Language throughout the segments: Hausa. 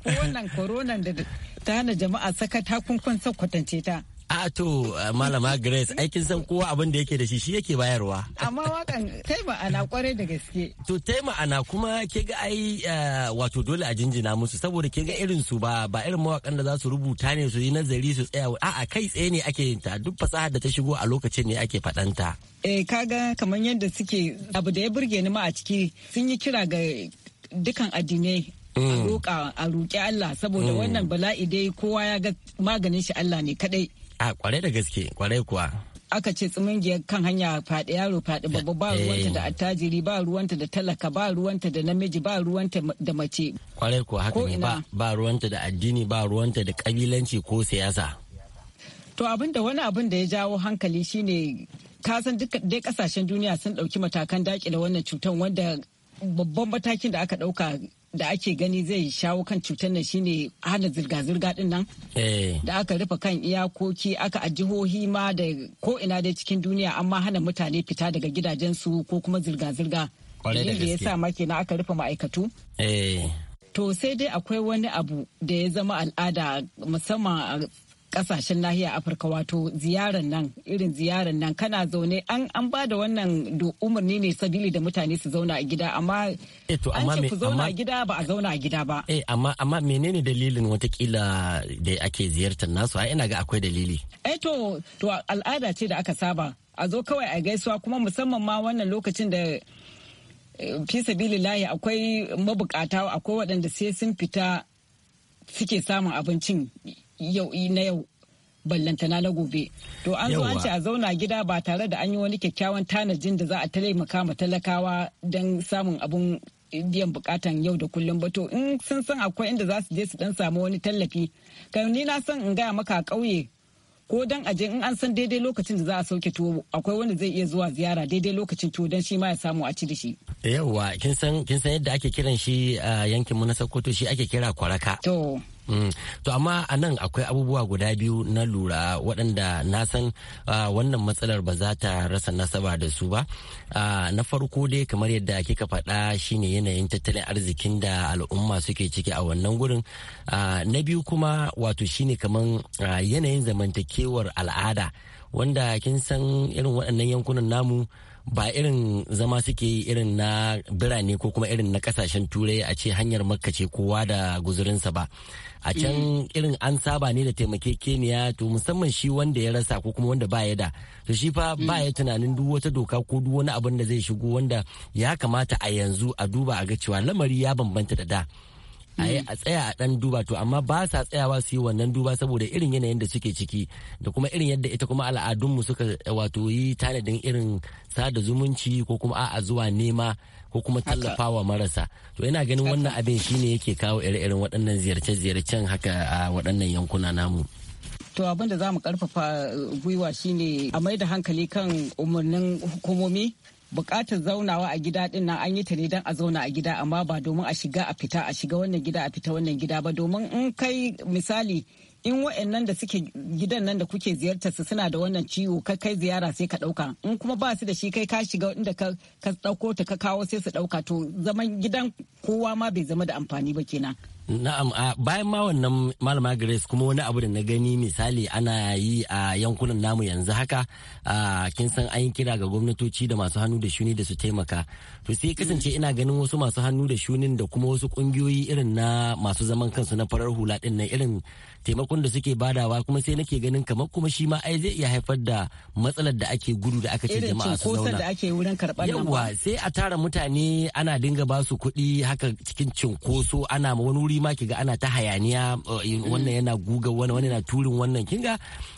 wannan ko wannan koronan da ta hana jama'a saka takunkun sa kwatance ta. a to uh, malama grace aikin san kowa abin da yake da shi shi yake bayarwa amma wakan tai ma'ana kware da gaske to tai ma'ana kuma ke ga ai uh, wato dole a jinjina musu saboda ke ga irin su ba ba irin mawakan da za su rubuta ne su yi nazari su tsaya a a kai tsaye ne ake yin ta duk fasaha da ta shigo a lokacin ne ake faɗanta. eh kaga kamar yadda suke abu da ya burge ni ma a ciki sun yi kira ga dukan addinai a mm. a roƙi Allah saboda mm. wannan bala'i dai kowa ya ga maganin shi Allah ne kadai. A kwarai da gaske kwarai kuwa. Aka ce tsimingiyar kan hanya faɗi yaro faɗi babba ba eh. ruwanta da attajiri ba ruwanta da talaka ba ruwanta da namiji ba ruwanta da mace. Kwarai kuwa haka ne ba ruwanta da addini ba ruwanta da kabilanci ko siyasa. To abin da wani abin da ya jawo hankali shine kasan dai kasashen duniya sun ɗauki matakan dakile wannan cutar wanda babban matakin da aka ɗauka da ake gani zai shawo kan cutar nan shine hana zirga-zirga din nan eh. da aka rufe kan iyakoki aka a jihohi ma da ko ina dai cikin duniya amma hana mutane fita daga gidajensu ko kuma zirga-zirga da ya sa ma kenan aka rufe ma'aikatu eh. to sai dai akwai wani abu da ya zama al'ada musamman a kasashen nahiyar afirka wato ziyarar nan irin ziyarar nan kana zaune an an ba da wannan umarni ne sabili da mutane su zauna a gida amma eh, an ce ku zauna a gida ba a zauna a gida ba eh amma amma menene dalilin watakila da ake ziyartar nasu ai ina ga akwai dalili eh to to al'ada ce da aka saba a zo kawai a gaisuwa kuma musamman ma wannan lokacin da eh, fi layi akwai mabukata akwai waɗanda sai sun fita suke samun abincin yau na yau ballantana na gobe to an zo an ce a zauna gida ba tare da an yi wani kyakkyawan tanajin da za a taimaka ma talakawa don samun abun biyan bukatan yau da kullum ba to in sun san akwai inda za su je su dan samu wani tallafi kai ni na san in gaya maka a ƙauye ko dan aje in an san daidai lokacin da za a sauke tuwo akwai wanda zai iya zuwa ziyara daidai lokacin tuwo dan shi ma ya samu a ci da shi yawwa kin san kin san yadda ake kiran shi ah, yankin mu na Sokoto shi ake kira kwaraka to Mm. to amma a nan akwai abubuwa guda biyu na lura waɗanda na san wannan matsalar ba za ta rasa nasaba da su ba na farko dai kamar yadda kika faɗa shine yanayin tattalin arzikin da al'umma suke ciki a wannan gurin na biyu kuma wato shine kamar yanayin zamantakewar al'ada wanda kin san irin waɗannan yankunan namu ba irin zama suke yi irin na birane ko kuma irin na kasashen turai a ce hanyar makka ce kowa da guzurinsa ba a mm. can irin an saba ne da taimakekeniya to musamman shi wanda ya rasa ko kuma wanda ba ya da to shi fa ba ya mm. tunanin duk wata doka ko duk wani abin da zai shigo wanda ya kamata a yanzu a duba a ga cewa lamari ya bambanta da da a yi mm. a tsaya a ɗan duba to amma ba sa tsayawa su yi wannan duba saboda irin yanayin da suke ciki da kuma irin yadda ita kuma al'adunmu suka wato yi tanadin irin sada zumunci ko kuma a'a zuwa nema ko kuma tallafawa marasa to ina ganin wannan abin shine yake kawo ire-iren waɗannan ziyarce-ziyarcen haka a waɗannan yankuna namu. To abin da za mu karfafa uh, gwiwa shine a mai da hankali kan umarnin hukumomi bukatar zaunawa a gida din nan an yi ta ne don a zauna a gida amma ba domin a shiga a fita a shiga wannan gida a fita wannan gida ba domin in kai misali in wa'annan da suke gidan nan da kuke ziyartar su suna da wannan ciwo ka kai ziyara sai ka dauka in kuma ba su da shi kai ka shiga inda ka dauko ta ka kawo sai su dauka to zaman gidan kowa ma bai zama da amfani ba kenan Na'am bayan ma wannan malama Grace kuma wani abu da na gani misali ana yi a yankunan namu yanzu haka a kin san an yi kira ga gwamnatoci da masu hannu da shuni da su taimaka. To sai kasance ina ganin wasu masu hannu da shunin da kuma wasu kungiyoyi irin na masu zaman kansu na farar hula din nan irin taimakon da suke badawa kuma sai nake ganin kamar kuma shi ma ai zai iya haifar da matsalar da ake gudu da aka ce jama'a su zauna. Yawwa sai a tara mutane ana dinga basu kuɗi haka cikin cinkoso ana ma wani wuri ma kiga ana ta hayaniya mm. wannan yana guga wani wani yana turin wannan kinga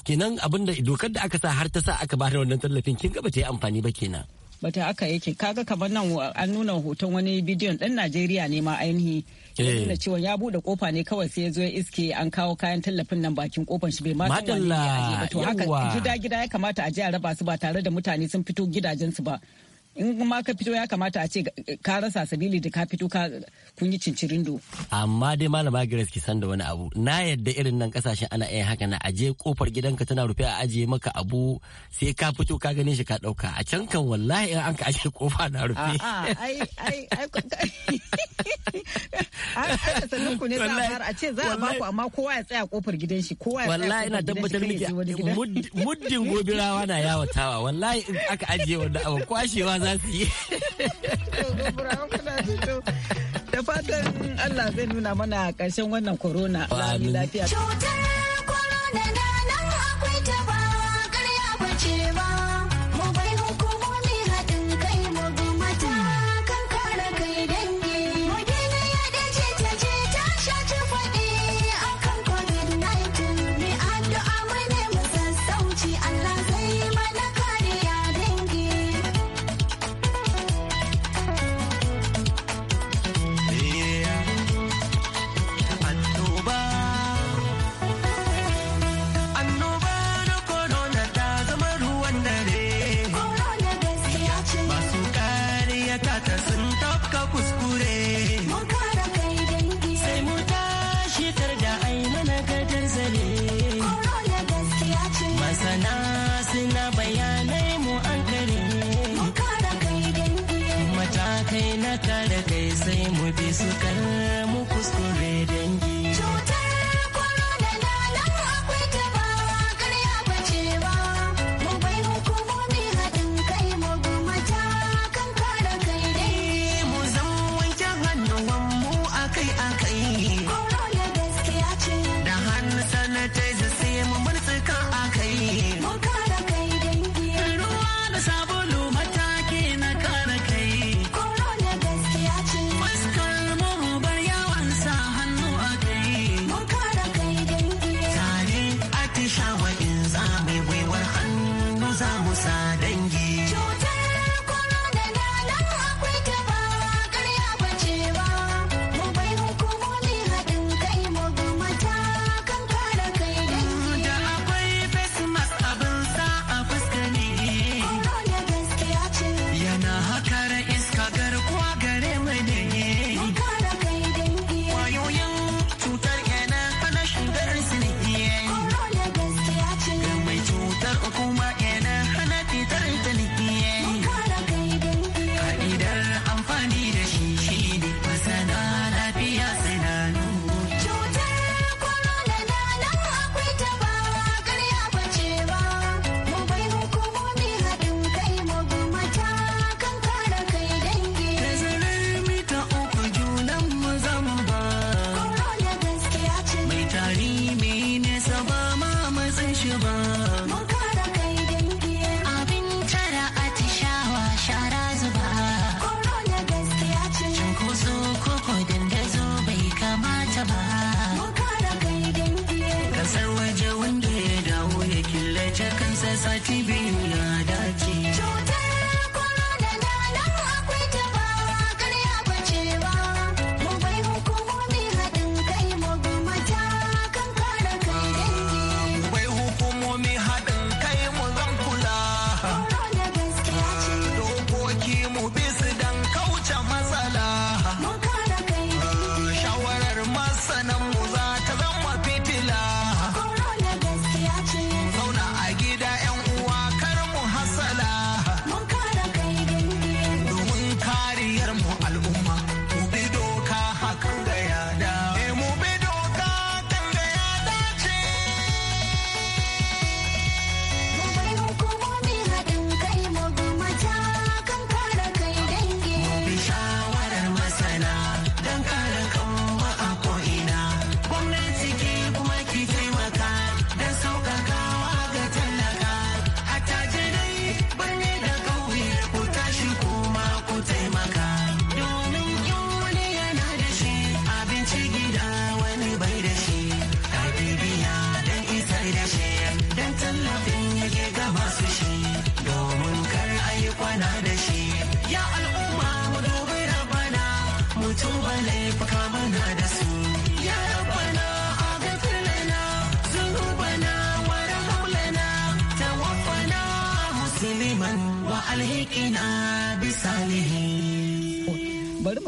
kenan abinda dokar da aka sa har ta sa aka ba da wannan tallafin kinga ba ta yi amfani ba kenan bata aka yake kaga kamar nan an nuna hoton wani bidiyon dan Najeriya ne ma ainihi ya eh. nuna cewa ya bude kofa ne kawai sai ya zo ya iske an kawo kayan tallafin nan bakin kofar shi bai ma san wani ya to haka gida gida ya kamata a je a raba su ba tare da mutane sun fito gidajen su ba in ma ka fito ya kamata a ce ka rasa sabili da ka fito ka kun yi cincirindo. Amma dai malama Grace ki san da wani abu na yadda irin nan kasashen ana iya haka na aje kofar gidanka tana rufe a ajiye maka abu sai ka fito ka gane shi ka dauka a can kan wallahi in an ka ajiye kofa na rufe. Ai ai ai ku ne a ce za a baku amma kowa ya tsaya kofar gidan shi kowa ya wallahi ina tabbatar miki muddin gobirawa na yawatawa wallahi in aka ajiye wanda abu kwashewa za su yi da fatan Allah zai nuna mana ƙarshen wannan corona lafiya. Cutar corona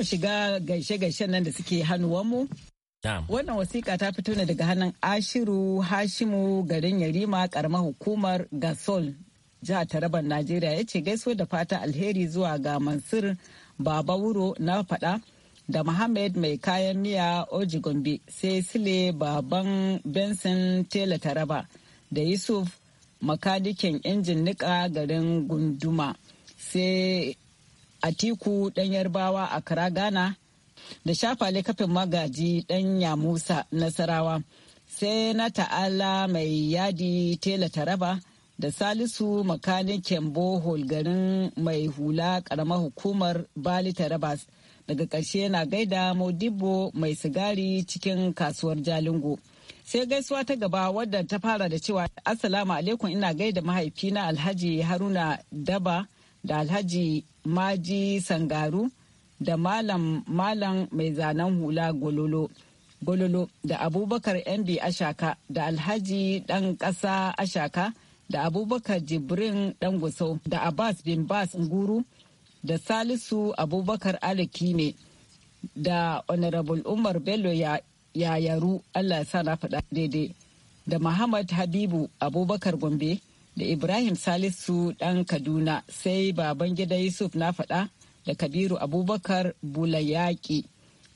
shiga gaishe-gaishen nan da suke mu Wannan wasiƙa ta fito ne daga hannun Ashiru Hashimu garin Yarima ƙaramar hukumar Gasol jihar Taraban Najeriya ya ce gaisuwa da fata alheri zuwa ga Mansur Baba Wuro na faɗa da Muhammad mai kayan miya Oji Gombe sai Sile Baban Benson Tela Taraba da Yusuf makanikin injin niƙa garin Gunduma sai Atiku ɗan Yarbawa a Kara Ghana da Shafale kafin magaji ɗan Yamusa Nasarawa. Sai na ta'ala mai yadi tela taraba da Salisu makanikin bohol garin mai hula ƙaramar hukumar Bali Taraba. Daga ƙarshe na gaida Modibo mai sigari cikin kasuwar Jalingo. sai gaisuwa ta gaba wadda ta fara da cewa assalamu alaikum ina gaida mahaifina alhaji haruna daba da alhaji maji sangaru da malam malam mai zanen hula gololo gololo da abubakar mb ashaka da alhaji dan kasa ashaka da abubakar jibrin dan gusau da abbas bin bas nguru da salisu abubakar ne da honorable umar bello ya yayaru allah ya sa daidai da muhammad habibu abubakar gombe da Ibrahim Salisu ɗan Kaduna sai baban gida Yusuf na faɗa da Kabiru Abubakar Bulayaki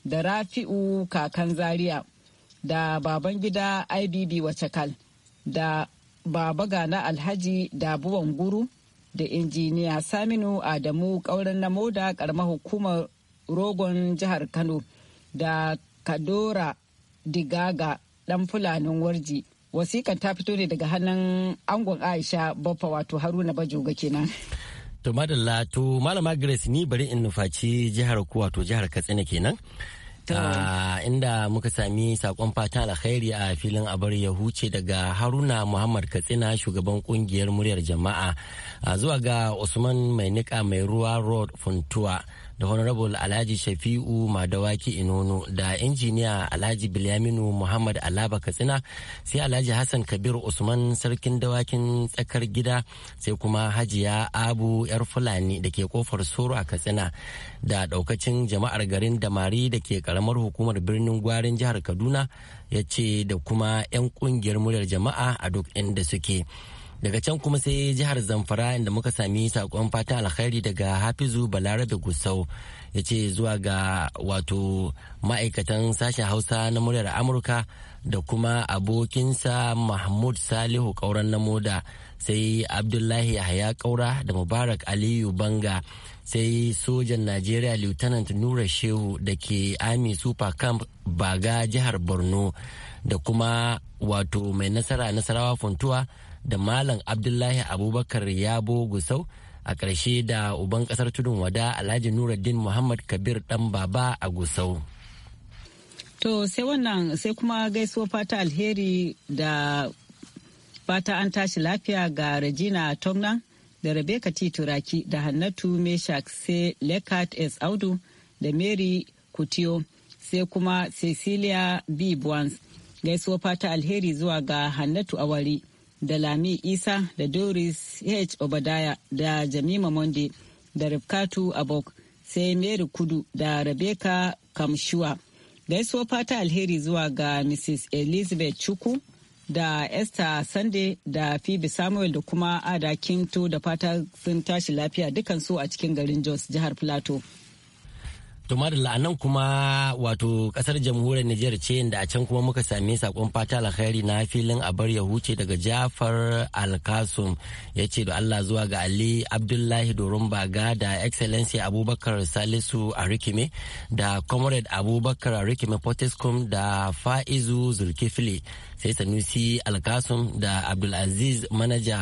da Rafi'u Kakan Zaria da baban gida IBB Wacakal da baba gana Alhaji Dabuwan Guru da injiniya Saminu Adamu ƙauren na moda ƙarama hukumar rogon jihar Kano da Kadora Digaga ɗan Fulanin Warji. wasikan ta fito ne daga hannun angon aisha baffa wato haruna bajoga kenan to madalla to malama grace ni bari in nufaci jihar ku wato jihar katsina kenan Ah, inda muka sami sakon fata alkhairi a filin abar ya huce daga haruna muhammad katsina shugaban kungiyar muryar jama'a a ah, zuwa ga usman mai nika mai ruwa road funtuwa da honorable alhaji shafi'u madawaki inono da injiniya alhaji bilyaminu muhammad alaba katsina sai alhaji hassan kabir usman sarkin dawakin tsakar gida sai kuma hajiya abu yar fulani da ke kofar soro a katsina da daukacin jama'ar garin damari da ke karamar karamar hukumar birnin gwarin jihar kaduna ya ce da kuma 'yan kungiyar muryar jama'a a duk inda suke daga can kuma sai jihar zamfara inda muka sami saƙon fatan alkhairi daga hafizu da gusau ya ce zuwa ga wato ma'aikatan sashen hausa na muryar amurka da kuma abokinsa mahmud salihu kauran na moda sai abdullahi yahaya kaura da mubarak aliyu banga sai sojan najeriya lieutenant nura shehu da ke army super camp baga jihar borno da kuma wato mai nasara nasarawa funtuwa da malam abdullahi abubakar yabo gusau a ƙarshe da uban ƙasar tudun wada alhaji nuruddin muhammad kabir dan baba a gusau to sai wannan sai kuma gaisuwa fata alheri da fata an tashi lafiya ga regina tomnan da Rebecca T. Turaki da Hannatu Meshak sai Lekat S. Audu da Mary Kutiyo sai kuma Cecilia B. Bwans. Gaisuwa fata alheri zuwa ga Hannatu Awari da Lami Isa da Doris H. Obadaya da Jamima Monday da Rifkatu Abok sai Mary Kudu da Rebecca Kamshua. Gaisuwa fata alheri zuwa ga Mrs. Elizabeth Chukwu da esther sande da phoebe samuel da kuma ada kinto da fata sun tashi lafiya dukansu a cikin garin jos jihar plateau tumar la'anan nan kuma wato kasar jamhuriyar Nijar ce inda a can kuma muka sami sakon fata alkhairi na filin abar ya huce daga Jafar Alkasum ya ce da Allah zuwa ga Ali Abdullahi Doron Baga da Excellency Abubakar Salisu Arikime da Comrade Abubakar Arikime Potescom da Faizu Zulkifli sai Sanusi Alkasum da Abdulaziz Manaja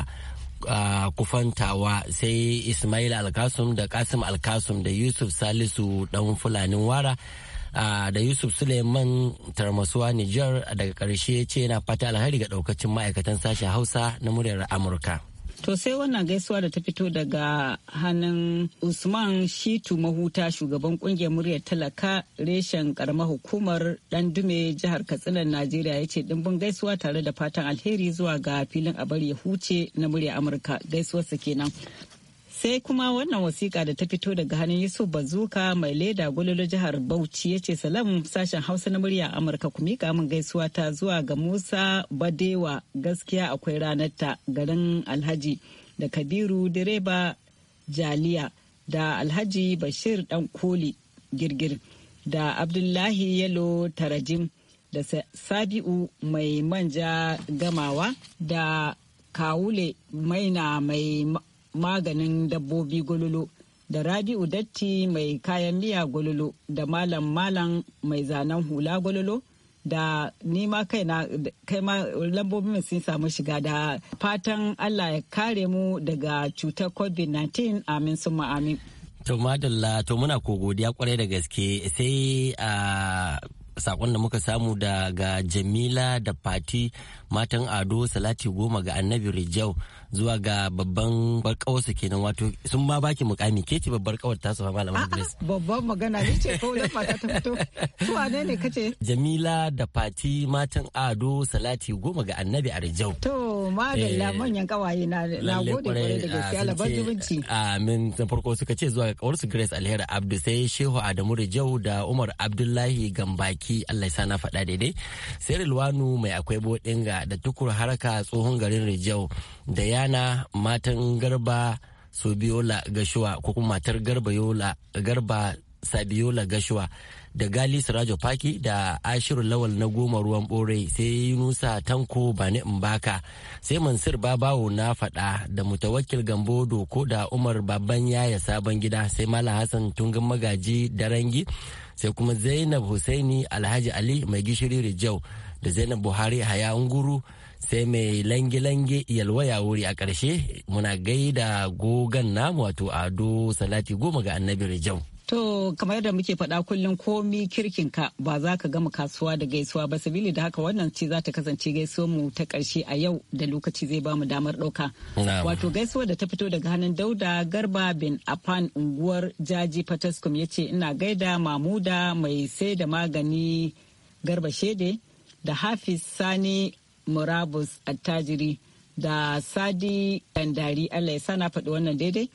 kufantawa sai ismail alkasum da kasim alkasum da yusuf salisu dan fulanin wara Uh, da yusuf suleiman tarmasuwa nijar daga karshe ce yana fata alhari ga daukacin ma'aikatan sashen hausa na muryar amurka To sai wannan gaisuwa da ta fito daga hannun Usman Shitu Mahuta shugaban kungiyar muryar talaka reshen karamar hukumar dume jihar Katsina Najeriya ya ce dimbin gaisuwa tare da fatan alheri zuwa ga filin abar ya huce na muryar Amurka gaisuwarsa kenan. sai kuma wannan wasiƙa da ta fito daga hannun yusuf bazuka mai leda gwalolo jihar bauchi ya ce salam sashen hausa na murya amurka ku miƙa min gaisuwa ta zuwa ga musa badewa gaskiya akwai ranar ta garin alhaji da kabiru direba jaliya da alhaji bashir dan koli girgir da abdullahi yalo tarajim da sabi'u mai manja gamawa da kawule maina mai maganin dabbobi gololo da rabi'u datti mai kayan miya gololo da malam malam mai zanen hula gololo da nima kaina kai ma lambobin sun samu shiga da fatan allah ya kare mu daga cutar covid-19 amin sun ma'amin to madalla to muna ko godiya kwarai da gaske sai a ah, sakon da muka samu daga jamila da fati matan ado salati goma ga annabi rijau zuwa ga babban su kenan wato sun ma baki mukami ke ce babbar kawar tasu fa malama Grace babban magana ne ce ko dan mata ta fito su wane ne kace Jamila da Fati matan ado salati goma ga annabi a rijau to madalla eh, manyan kawaye na gode kwarai da ah, gaskiya labar dubinci amin san farko suka ce zuwa ga kawarsu Grace Alheri Abdu sai Shehu Adamu Rijau da Umar Abdullahi Gambaki Allah ya sa na faɗa daidai sai Rilwanu mai akwai bodin ga da Tukur Harka tsohon garin Rijau da Yana matan Garba Sobiola Gashuwa ko kuma matar Garba Sabiola Gashuwa da Gali Sirajo Faki da Ashiru Lawal na goma ruwan bore sai Yunusa Tanko Bani Mbaka sai Mansur Babawo na fada da Mutawakkil Gambo Doko da Umar Baban Yaya Sabon Gida sai Malam Hassan tungan Magaji Darangi sai kuma Zainab Hussaini Alhaji Ali Mai Gishiri Rijau da zainab buhari haya nguru sai mai lange-lange yalwaya wuri a ƙarshe muna gaida gogan namu wato ado salati goma ga annabi rijau To kamar yadda muke faɗa kullum komi ka ba za ka gama kasuwa da gaisuwa ba sabili da haka wannan ce za ta kasance gaisuwar mu ta ƙarshe a yau da lokaci zai ba mu damar ɗauka. Wato gaisuwa da ta fito daga hannun Dauda Garba bin Afan unguwar Jaji Fataskum ya ce ina gaida Mamuda mai sai da magani Garba Shede da hafiz sani murabus attajiri da sadi dandari allah ya sana faɗi wannan daidai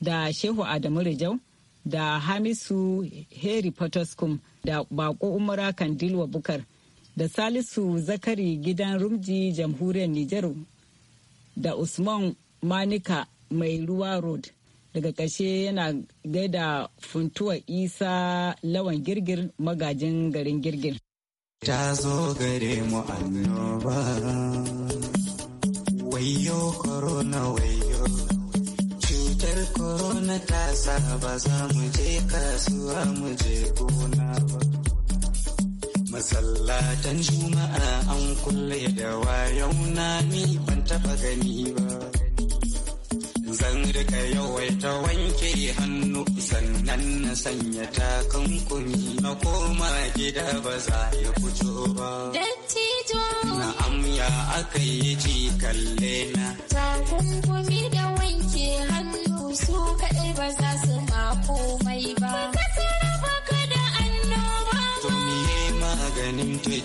da shehu adamu rijau da hamisu heri potoskum da bako umara kandilwa bukar da salisu zakari gidan rumji jamhuriyar nijar da usman manika mai ruwa road daga ƙarshe yana gaida funtuwa isa lawan girgir magajin garin girgir ta zo gare mu annoba wayo corona wayo cutar corona ta sa ba za mu je kasuwa mu je gona ba masallatan juma'a an kulle da wayon na ni ban taba gani ba zan rika yawaita wanke hannu nan na sanya takunkumi na koma gida ba za ya fito ba. Dattijo. Na amya aka yi ji kalle na. Takunkumi da wanke hannu su kaɗai ba za su ma komai ba. Maganin ta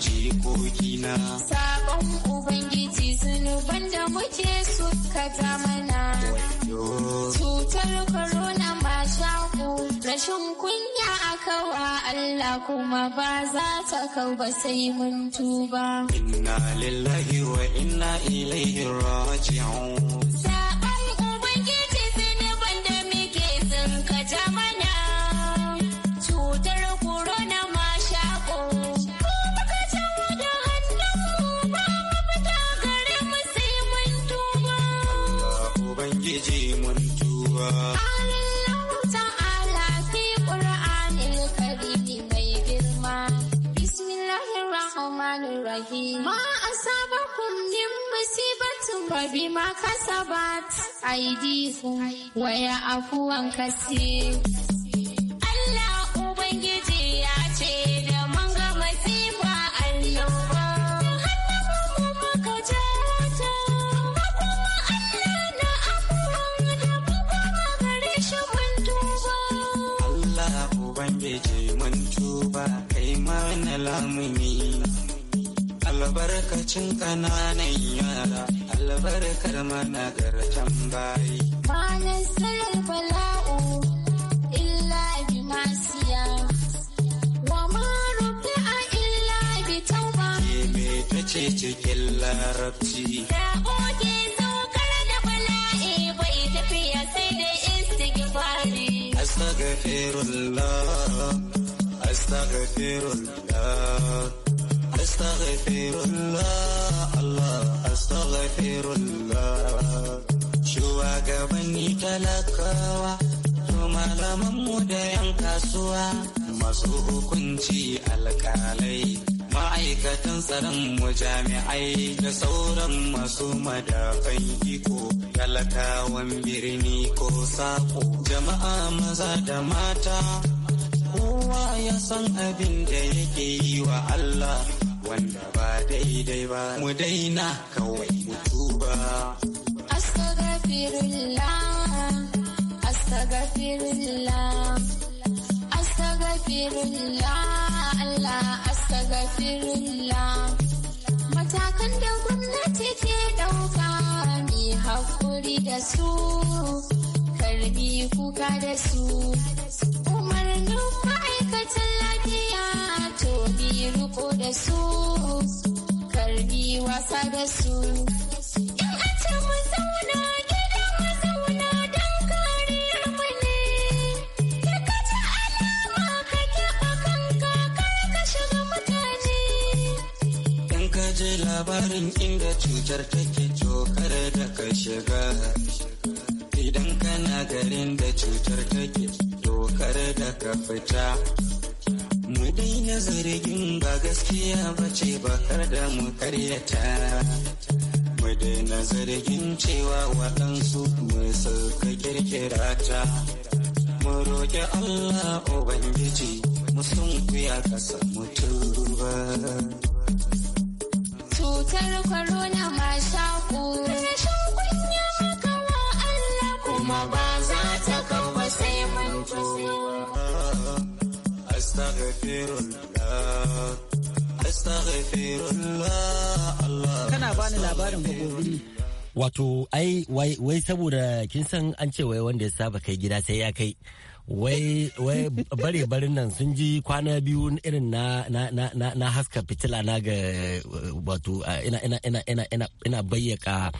na Sabon Ubangiji. zunuban da muke suka zamana. Cutar corona ma shaku rashin kunya a kawa Allah kuma ba za ta kau ba sai mun tuba. Inna lillahi wa inna ilaihi raji'un. فبما كسبت أيديكم ويعفو عن كثير albarkacin ƙananan yara albarkar managarcan bayi. bayan sayar bala'u illa bi nasiya wa ma rufi a illa bi tauba. Ke me ta ce cikin larabci. Da oge saukar da bala'i bai tafiya sai da istighfari. Astaghfirullah, astaghfirullah. astaghfirullah Allah astaghfirullah shugabanni talakawa to malaman mu da yan kasuwa masu hukunci alkalai ma'aikatan tsaron mu jami'ai da sauran masu madafan iko talakawan birni ko saƙo. jama'a maza da mata kowa ya san abin da yake yi wa Allah wanda ba daidai ba mu daina kawai mu tuba astaghfirullah Allah matakan da gwamnati ke ɗauka. mai hakuri da su karbi kuka da su umarnin ma'aikatan lafiya Robi riko da su, karbi wasa da su. In a ce mu gida mu don kariyar mu ne. Da ka ci alama ka keɓe kanka kar ka shiga mutane. Dan ka je labarin inda cutar take to kare shiga. idan kana garin da cutar take dokar da ka fita mu na zargin ba gaskiya ba ce ba kada da mu karyata mu daina zargin cewa waɗansu mu suka kirkira ta mu roƙi Allah Ubangiji mu sun kuya ƙasa ba. Cutar corona ma shaƙo. Kana bani labarin gobe. Wato, ai, wai saboda kin san an ce wai wanda ya saba kai gida sai ya kai. wai bare barin nan sun ji kwana biyu irin na na haska fitila na ga wato ina ina ina ina ina ina bayyaka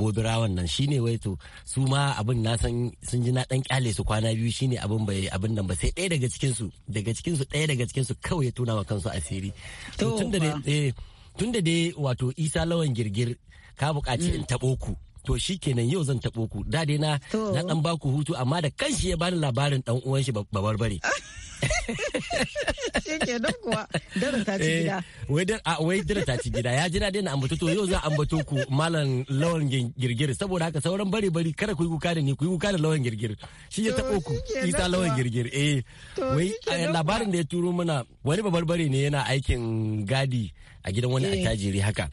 gobirawan nan shine wai to su ma abin na san sun ji na dan kyale su kwana biyu shine abin bai abin nan ba sai ɗaya daga cikin su daga cikin su ɗaya daga cikin su kawai ya tuna wa kansu asiri eh, tun da dai wato Isa Lawan Girgir ka buƙaci in taɓo ku to shikenan yau zan taɓo ku dade na na dan baku hutu amma da kanshi ya bani labarin dan uwan shi babarbare bare kuwa eh, gida ah, wai dara ta ci gida ya jira daina na ambato to yau za ambato ku malam lawan girgir saboda haka sauran bari bari kada ku yi kuka da ni ku yi kuka da lawan girgir shi ya taɓo ku isa lawan girgir eh wai eh, labarin da ya turo mana wani bare ne yana aikin gadi a gidan wani eh. attajiri haka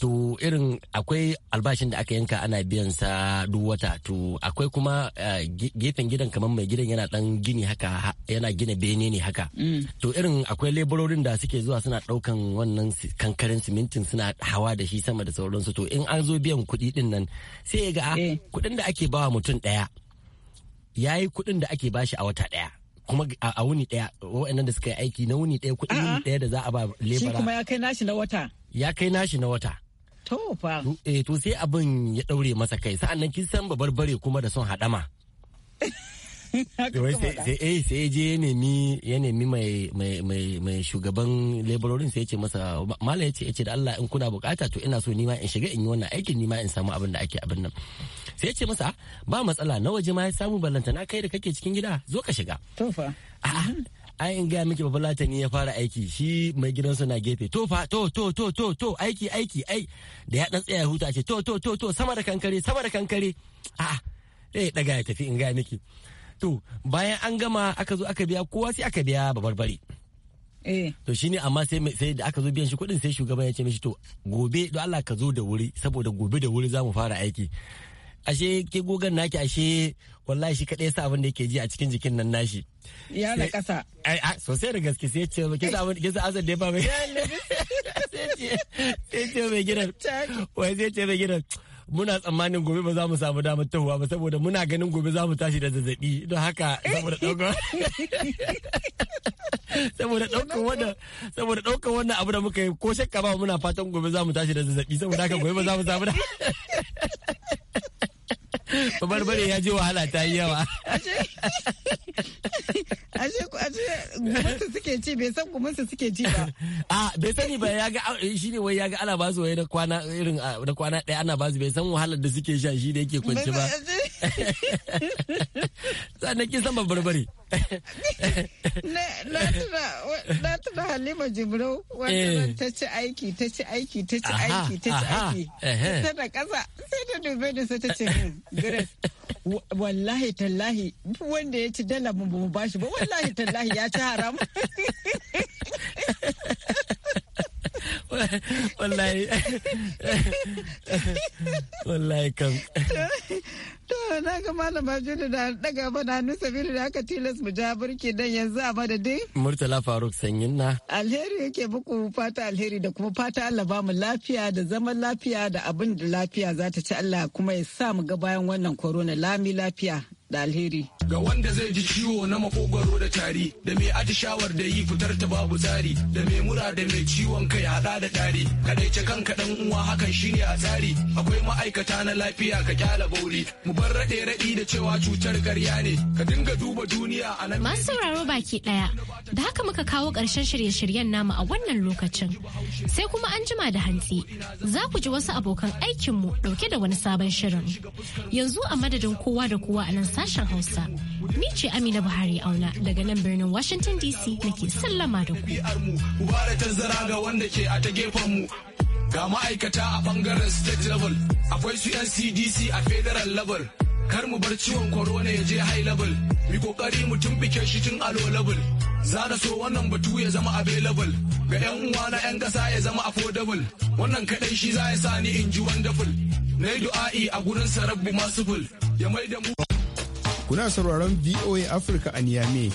to irin akwai albashin da aka yanka ana biyan sa duk wata to akwai kuma eh, gefen gidan kamar mai gidan yana dan gini haka yana gina bene ne haka mm. to irin akwai leburorin da suke zuwa suna daukan wannan kankarin simintin suna hawa da shi sama da sauransu to in an zo biyan kuɗi din nan sai ga ah, eh. kuɗin da ake bawa mutum ɗaya yayi yi kuɗin da ake bashi a wata ɗaya kuma a wuni daya waɗannan da suka yi aiki na wuni daya kuɗi wuni daya da za a ba lebara shi kuma ya kai nashi na wata ya kai nashi na wata to fa eh to sai abin ya daure masa kai sa'annan kin san babar-bare kuma da son hadama sai sai ya nemi ya nemi mai shugaban laborerin sai ya ce masa mala ya ce da Allah in kuna bukata to ina so ni ma in shiga in yi wannan aikin ni ma in samu abin da ake abin nan sai ya ce masa ba matsala na waje ma ya samu ballanta na kai da kake cikin gida zo ka shiga to fa in gaya miki babalata latani ya fara aiki shi mai su na gefe to fa to to to to to aiki aiki ai da ya dan tsaya huta ce to to to to sama da kankare sama da kankare a sai daga ya tafi in gaya miki to bayan an gama aka zo aka biya kowa sai aka biya babarbare eh. to shine amma sai sai da aka zo biyan shi kuɗin sai shugaban ya ce mishi to gobe don Allah ka zo da wuri saboda gobe da wuri za mu fara aiki ashe ke gogan naki ashe wallahi shi kadai sa abin da yake ji a cikin jikin nan nashi ya na kasa ai sosai da gaske sai ce ke sa abin ke sa azan da ba mai sai ce sai ce mai gidan wai sai ce mai gidan muna tsammanin gobe ba za mu samu damar tahowa ba saboda muna ganin gobe za mu tashi da zazzaɓi don haka saboda ɗaukar saboda ɗaukar wannan saboda ɗaukar wannan abu da muka yi ko shakka ba muna fatan gobe za mu tashi da zazzaɓi saboda haka gobe ba za mu samu da barbare ya ji wahala ta yi yawa ashe ashe gumansu suke ci bai san gumansu suke ci ba a bai sani ba ya ga shi ne wai ya ga ana ba su wai da kwana irin da kwana ɗaya ana ba su bai san wahalar da suke sha shi da yake kwanci ba eh, sannan kin san barbare na tuna halima Jibro wanda eh. ta ci aiki ta ci aiki ta ci aiki ta ci aiki ta da kasa sai ta dube da sai ta ce wallahi tallahi wanda ya ci dala mu ba mu bashi ba wallahi tallahi ya ci haram wallahi wallahi kam to na ga malam jini da daga bana nu da aka tilas mu ja burki dan yanzu a madadin murtala faruk sanyin na alheri yake buku fata alheri da kuma fata Allah ba mu lafiya da zaman lafiya da abin da lafiya za ta ci Allah kuma ya sa mu ga bayan wannan corona lami lafiya da alheri. Ga wanda zai ji ciwo na makogwaro da tari, da mai aji shawar da yi fitar ta babu tsari, da mai mura da mai ciwon kai hada da tari, kadaice kan dan uwa hakan shine a tsari, akwai ma'aikata na lafiya ka kyala bauri, mu bar raɗe raɗi da cewa cutar karya ne, ka dinga duba duniya a nan. Masu sauraro baki ɗaya, da haka muka kawo ƙarshen shirye-shiryen namu a wannan lokacin, sai kuma an jima da hantsi, za ku ji wasu abokan aikinmu ɗauke da wani sabon shirin. Yanzu a madadin kowa da kowa a nan sashen Hausa. Ni ce Amina Buhari auna daga nan birnin Washington DC nake sallama da ku. da ga wanda ke a ta Ga ma'aikata a bangaren state level, akwai su CDC a federal level. Kar mu bar ciwon corona ya je high level, mu kokari mu tumbike shi tun a low level. Za da so wannan batu ya zama available, ga 'yan uwa na 'yan kasa ya zama affordable. Wannan kaɗai shi za ya sa ni in ji wonderful. na yi du'a'i a gurin sarabbi masu ya mai da mu Kuna sauraron VOA Africa a Niamey